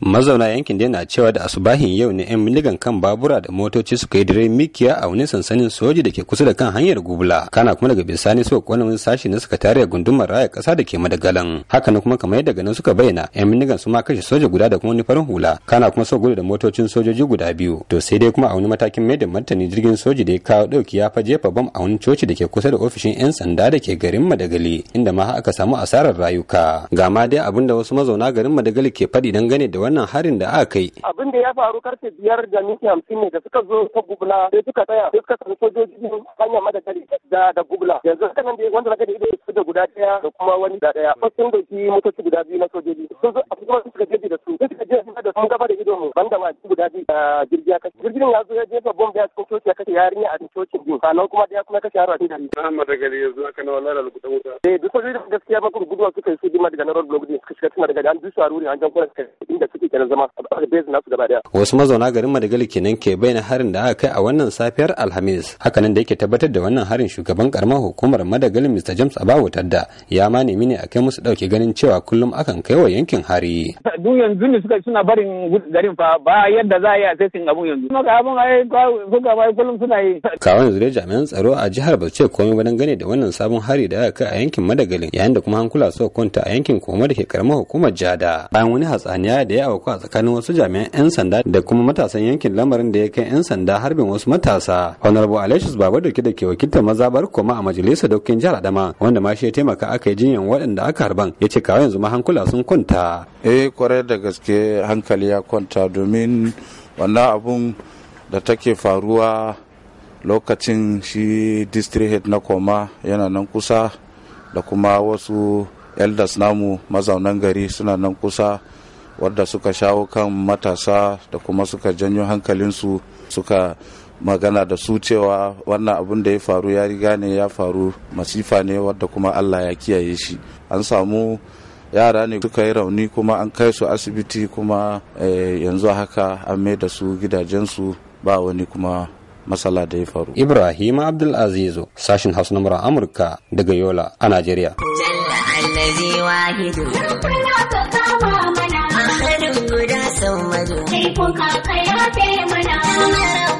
mazauna yankin dai na cewa da asubahin yau ne 'yan miligan kan babura da motoci suka yi dare mikiya a wani sansanin soji da ke kusa da kan hanyar gubula kana kuma daga bisani suka kona wani sashi na sakatariyar gundumar raya kasa da ke madagalan hakan kuma kamar yadda ganin suka bayyana 'yan miligan su ma kashe soja guda da kuma wani farin hula kana kuma suka gudu da motocin sojoji guda biyu to sai dai kuma a wani matakin mai da martani jirgin soji da ya kawo dauki ya fa jefa bam a wani coci da ke kusa da ofishin 'yan sanda da ke garin madagali inda ma aka samu asarar rayuka gama dai abinda wasu mazauna garin madagali ke faɗi dangane da wannan harin da aka kai. Abin da ya faru karfe biyar da minti hamsin ne da suka zo ta gubla sai suka tsaya sai suka sami sojoji hanyar madadari da da gubla yanzu haka nan wanda na da ido su da guda ɗaya da kuma wani da ɗaya. sun dauki motoci guda biyu na sojoji sun zo a kuma suka da su suka je mun gaba da ido mu banda ma guda biyu a jirgi ya kashe jirgin ya zo ya jefa bomb ya cikin coci ya kashe yarinya a cikin cocin biyu sannan kuma da ya kuma kashe yaro a cikin dari Ahmad da ya zo aka nawa lalal kuɗa wuta eh duk sojoji da gaskiya ba kuma guduwa suka yi su dima daga narar blog suka shiga cikin daga an bi su a ruri an jan kuma inda suke kenan zama a bezin nasu gaba daya wasu mazauna garin Madagali kenan ke bayyana harin da aka kai a wannan safiyar Alhamis hakanan da yake tabbatar da wannan harin shugaban karamar hukumar Madagali Mr James Abawu Tadda ya ma nemi ne a kai musu dauke ganin cewa kullum akan kai wa yankin hari duk yanzu ne suka suna barin garin fa ba yadda za a yi assessing abun yanzu kuma ga abun ai kuka bai kullum suna yi kawai yanzu jami'an tsaro a jihar Bauchi komai wani gane da wannan sabon hari da aka kai a yankin Madagalin yayin da kuma kula suka kwanta a yankin Koma da ke karamar hukumar Jada bayan wani hatsaniya da ya auku a tsakanin wasu jami'an 'yan sanda da kuma matasan yankin lamarin da ya kai 'yan sanda harbin wasu matasa Honorable Alexis Babadoke da ke wakiltar mazabar Koma a majalisar dokokin jihar Adama wanda ma shi ya taimaka aka yi jinyan waɗanda aka harban ya ce kawai yanzu ma hankula sun kwanta eh kwarai da gaske hankali hankali ya kwanta domin wannan abun da take faruwa lokacin shi district head na koma yana nan kusa da kuma wasu elders namu mazaunan gari suna nan kusa wadda suka shawo kan matasa da kuma suka janyo hankalinsu suka magana da su cewa wannan abun da ya faru ya riga ne ya faru masifa ne wadda kuma allah ya kiyaye shi an samu yara ne suka yi rauni kuma an kai su asibiti kuma eh, yanzu haka an mai da su gidajensu ba wani kuma matsala da ya faru. Ibrahim Abdulazizu sashin Hausa na Amurka daga Yola a Najeriya. Jalla